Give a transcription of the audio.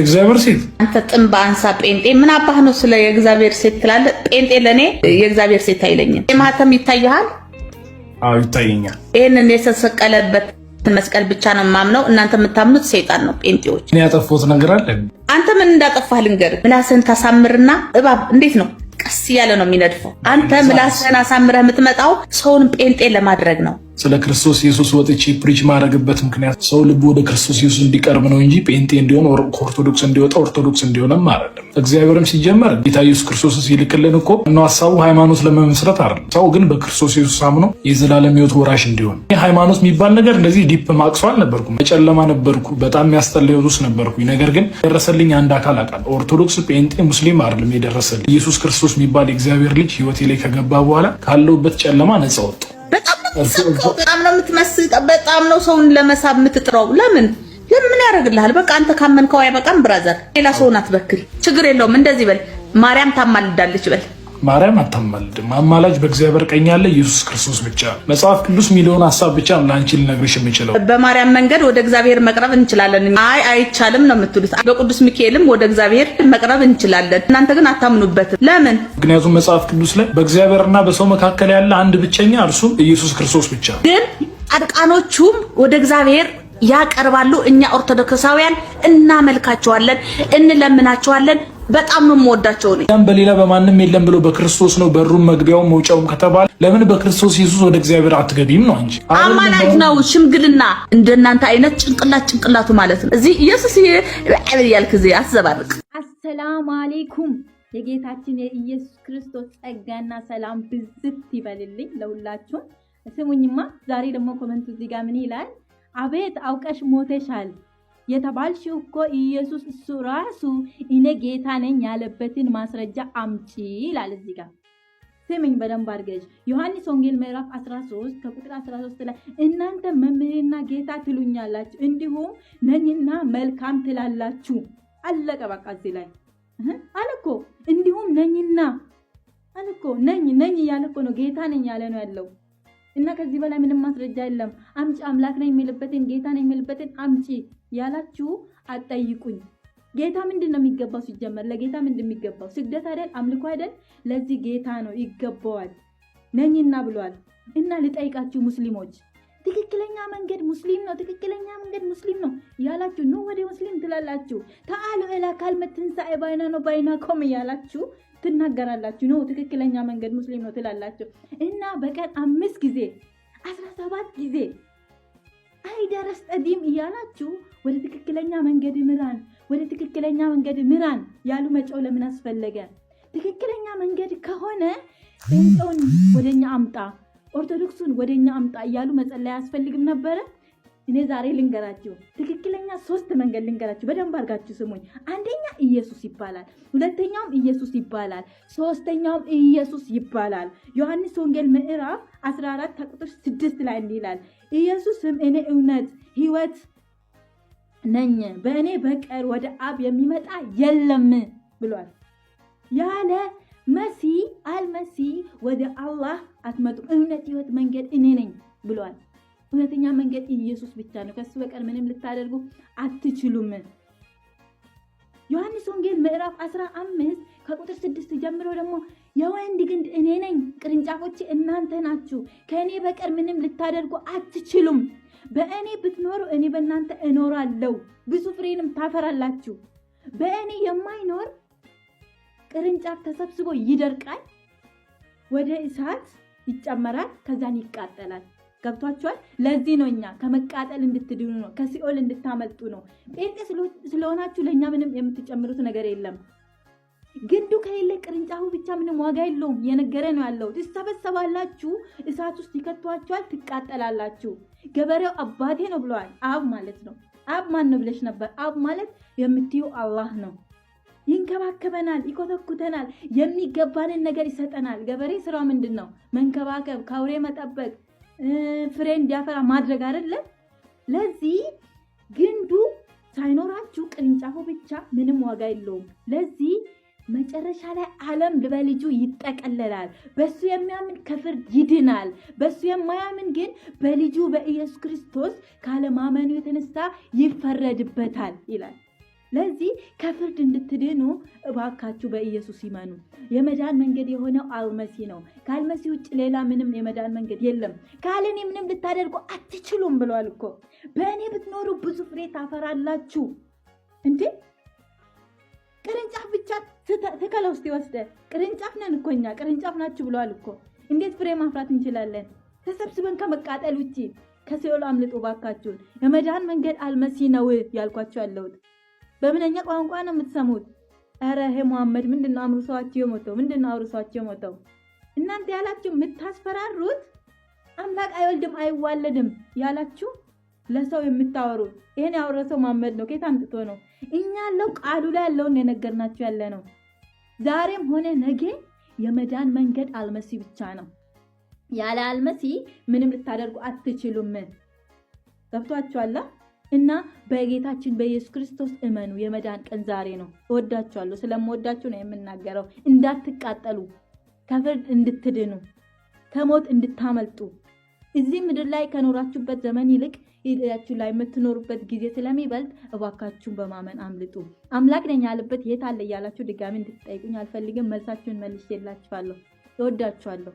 እግዚአብሔር ሴት አንተ ጥንብ አንሳ ጴንጤ ምን አባህ ነው ስለ የእግዚአብሔር ሴት ትላለ ጴንጤ ለእኔ የእግዚአብሔር ሴት አይለኝም። ማህተም ይታይሃል? አዎ ይታየኛል። ይህንን የተሰቀለበት መስቀል ብቻ ነው የማምነው። እናንተ የምታምኑት ሰይጣን ነው። ጴንጤዎች እኔ ያጠፋሁት ነገር አለ? አንተ ምን እንዳጠፋህ ልንገርህ። ምላስህን ታሳምርና እባብ እንዴት ነው ቀስ እያለ ነው የሚነድፈው። አንተ ምላስህን አሳምረህ የምትመጣው ሰውን ጴንጤ ለማድረግ ነው። ስለ ክርስቶስ ኢየሱስ ወጥቼ ፕሪች ማድረግበት ምክንያት ሰው ልቡ ወደ ክርስቶስ ኢየሱስ እንዲቀርብ ነው እንጂ ጴንጤ እንዲሆን ከኦርቶዶክስ እንዲወጣ ኦርቶዶክስ እንዲሆንም አይደለም። እግዚአብሔርም ሲጀመር ጌታ ኢየሱስ ክርስቶስ ሲልክልን እኮ እና ሀሳቡ ሃይማኖት ለመመስረት አይደለም። ሰው ግን በክርስቶስ ኢየሱስ አምኖ የዘላለም ሕይወት ወራሽ እንዲሆን። ይህ ሃይማኖት የሚባል ነገር እንደዚህ ዲፕ ማቅሶ አልነበርኩም። በጨለማ ነበርኩ። በጣም የሚያስጠላ ሕይወት ውስጥ ነበርኩኝ። ነገር ግን የደረሰልኝ አንድ አካል አውቃለሁ። ኦርቶዶክስ፣ ጴንጤ፣ ሙስሊም አይደለም የደረሰልኝ። ኢየሱስ ክርስቶስ የሚባል የእግዚአብሔር ልጅ ሕይወቴ ላይ ከገባ በኋላ ካለውበት ጨለማ ነጻ ወጣሁ። በጣም ነው በጣም ነው ሰውን ለመሳብ የምትጥረው። ለምን ለምን ምን ያደርግልሃል? በቃ አንተ ካመንከው አይበቃም? ብራዘር ሌላ ሰውን አትበክል። ችግር የለውም። እንደዚህ በል ማርያም ታማልዳለች በል ማርያም አታማልድም። አማላጅ በእግዚአብሔር ቀኝ ያለ ኢየሱስ ክርስቶስ ብቻ መጽሐፍ ቅዱስ ሚሊዮን ሀሳብ ብቻ ነው ለአንቺ ልነግርሽ የምችለው። በማርያም መንገድ ወደ እግዚአብሔር መቅረብ እንችላለን። አይ አይቻልም ነው የምትሉት። በቅዱስ ሚካኤልም ወደ እግዚአብሔር መቅረብ እንችላለን። እናንተ ግን አታምኑበትም። ለምን? ምክንያቱም መጽሐፍ ቅዱስ ላይ በእግዚአብሔርና በሰው መካከል ያለ አንድ ብቸኛ እርሱም ኢየሱስ ክርስቶስ ብቻ ግን ጻድቃኖቹም ወደ እግዚአብሔር ያቀርባሉ። እኛ ኦርቶዶክሳውያን እናመልካቸዋለን፣ እንለምናቸዋለን። በጣም ነው የምወዳቸው። እኔ በሌላ በማንም የለም ብሎ በክርስቶስ ነው በሩም መግቢያውም መውጫውም ከተባለ ለምን በክርስቶስ ኢየሱስ ወደ እግዚአብሔር አትገቢም ነው እንጂ አማላጅ ነው። ሽምግልና እንደናንተ አይነት ጭንቅላት ጭንቅላቱ ማለት ነው። እዚህ ኢየሱስ ይሄ ያልክ ጊዜ አትዘባርቅ። አሰላሙ አሌይኩም የጌታችን የኢየሱስ ክርስቶስ ጸጋና ሰላም ብዝት ይበልልኝ ለሁላችሁም። ስሙኝማ ዛሬ ደግሞ ኮመንቱ እዚህ ጋር ምን ይላል? አቤት አውቀሽ ሞተሻል የተባልሽው እኮ ኢየሱስ እሱ ራሱ እኔ ጌታ ነኝ ያለበትን ማስረጃ አምጪ ይላል። እዚህ ጋር ስምኝ በደንብ አድርገሽ ዮሐንስ ወንጌል ምዕራፍ 13 ከቁጥር 13 ላይ እናንተ መምህርና ጌታ ትሉኛላችሁ፣ እንዲሁም ነኝና መልካም ትላላችሁ። አለቀ በቃ። እዚህ ላይ አለኮ እንዲሁም ነኝና አለኮ ነኝ ነኝ እያለ ነው ጌታ ነኝ ያለ ነው ያለው። እና ከዚህ በላይ ምንም ማስረጃ የለም። አምጪ አምላክ ነው የሚልበትን ጌታ ነኝ የሚልበትን አምጪ ያላችሁ አጠይቁኝ። ጌታ ምንድን ነው የሚገባው? ሲጀመር ለጌታ ምንድን የሚገባው? ስግደት አይደል? አምልኮ አይደል? ለዚህ ጌታ ነው ይገባዋል። ነኝና ብሏል። እና ልጠይቃችሁ ሙስሊሞች ትክክለኛ መንገድ ሙስሊም ነው፣ ትክክለኛ መንገድ ሙስሊም ነው ያላችሁ ኑ ወደ ሙስሊም ትላላችሁ። ተአሉ ኢላ ከልመት ትንሳኤ ባይና ነው ባይና ኮም እያላችሁ ትናገራላችሁ። ነው ትክክለኛ መንገድ ሙስሊም ነው ትላላችሁ እና በቀን አምስት ጊዜ አስራ ሰባት ጊዜ አይደረስ ጠዲም እያላችሁ ወደ ትክክለኛ መንገድ ምራን፣ ወደ ትክክለኛ መንገድ ምራን ያሉ መጮው ለምን አስፈለገ? ትክክለኛ መንገድ ከሆነ ጴንጤውን ወደኛ አምጣ። ኦርቶዶክሱን ወደ እኛ አምጣ እያሉ መጸለይ አያስፈልግም ነበረ? እኔ ዛሬ ልንገራችሁ፣ ትክክለኛ ሶስት መንገድ ልንገራችሁ። በደንብ አርጋችሁ ስሙኝ። አንደኛ ኢየሱስ ይባላል፣ ሁለተኛውም ኢየሱስ ይባላል፣ ሶስተኛውም ኢየሱስ ይባላል። ዮሐንስ ወንጌል ምዕራፍ 14 ከቁጥር 6 ላይ እንዲህ ይላል፣ ኢየሱስም እኔ እውነት ህይወት ነኝ፣ በእኔ በቀር ወደ አብ የሚመጣ የለም ብሏል። ያለ መሲ አልመ ወደ አላህ አትመጡም። እውነት ህይወት መንገድ እኔ ነኝ ብሏል። እውነተኛ መንገድ ኢየሱስ ብቻ ነው። ከሱ በቀር ምንም ልታደርጉ አትችሉም። ዮሐንስ ወንጌል ምዕራፍ 15 ከቁጥር 6 ጀምሮ ደግሞ የወንድ ግንድ እኔ ነኝ፣ ቅርንጫፎች እናንተ ናችሁ። ከእኔ በቀር ምንም ልታደርጉ አትችሉም። በእኔ ብትኖሩ እኔ በእናንተ እኖራለሁ፣ ብዙ ፍሬንም ታፈራላችሁ። በእኔ የማይኖር ቅርንጫፍ ተሰብስቦ ይደርቃል። ወደ እሳት ይጨመራል፣ ከዛን ይቃጠላል። ገብቷቸዋል። ለዚህ ነው እኛ ከመቃጠል እንድትድኑ ነው፣ ከሲኦል እንድታመልጡ ነው። ጴንጤ ስለሆናችሁ ለእኛ ምንም የምትጨምሩት ነገር የለም። ግንዱ ከሌለ ቅርንጫፉ ብቻ ምንም ዋጋ የለውም። እየነገረ ነው ያለው። ትሰበሰባላችሁ፣ እሳት ውስጥ ይከቷቸዋል፣ ትቃጠላላችሁ። ገበሬው አባቴ ነው ብለዋል። አብ ማለት ነው። አብ ማን ነው ብለሽ ነበር? አብ ማለት የምትዩ አላህ ነው። ይንከባከበናል፣ ይኮተኩተናል፣ የሚገባንን ነገር ይሰጠናል። ገበሬ ስራው ምንድን ነው? መንከባከብ፣ ከአውሬ መጠበቅ፣ ፍሬ እንዲያፈራ ማድረግ አይደለም። ለዚህ ግንዱ ሳይኖራችሁ ቅርንጫፉ ብቻ ምንም ዋጋ የለውም። ለዚህ መጨረሻ ላይ ዓለም በልጁ ይጠቀለላል። በሱ የሚያምን ከፍርድ ይድናል። በሱ የማያምን ግን በልጁ በኢየሱስ ክርስቶስ ካለማመኑ የተነሳ ይፈረድበታል ይላል። ለዚህ ከፍርድ እንድትድኑ እባካችሁ በኢየሱስ ይመኑ። የመዳን መንገድ የሆነው አልመሲ ነው። ከአልመሲ ውጭ ሌላ ምንም የመዳን መንገድ የለም። ካለኔ ምንም ልታደርጉ አትችሉም ብሏል እኮ። በእኔ ብትኖሩ ብዙ ፍሬ ታፈራላችሁ። እንዴ ቅርንጫፍ ብቻ ትከላ ውስጥ ይወስደ ቅርንጫፍ ነን እኮ እኛ ቅርንጫፍ ናችሁ ብለዋል እኮ። እንዴት ፍሬ ማፍራት እንችላለን? ተሰብስበን ከመቃጠል ውጭ ከሲኦል አምልጡ ባካችሁን። የመዳን መንገድ አልመሲ ነው ያልኳቸው ያለሁት። በምንኛ ቋንቋ ነው የምትሰሙት? ኧረ ይሄ መሐመድ ምንድነው አምርሷቸው የሞተው? ነው አምርሷቸው የሞተው? እናንተ ያላችሁ የምታስፈራሩት አምላክ አይወልድም አይዋለድም ያላችሁ ለሰው የምታወሩት ይሄን ያወረሰው መሐመድ ነው። ከየት አምጥቶ ነው? እኛ ያለው ቃሉ ላይ ያለውን የነገርናችሁ ያለ ነው። ዛሬም ሆነ ነገ የመዳን መንገድ አልመሲ ብቻ ነው። ያለ አልመሲ ምንም ልታደርጉ አትችሉም። ገብቷችኋል? እና በጌታችን በኢየሱስ ክርስቶስ እመኑ። የመዳን ቀን ዛሬ ነው። እወዳችኋለሁ። ስለምወዳችሁ ነው የምናገረው። እንዳትቃጠሉ፣ ከፍርድ እንድትድኑ፣ ከሞት እንድታመልጡ እዚህ ምድር ላይ ከኖራችሁበት ዘመን ይልቅ ሂደያችሁ ላይ የምትኖሩበት ጊዜ ስለሚበልጥ እባካችሁን በማመን አምልጡ። አምላክ ነኝ ያለበት የት አለ እያላችሁ ድጋሚ እንድትጠይቁኝ አልፈልግም። መልሳችሁን መልሼላችኋለሁ። እወዳችኋለሁ።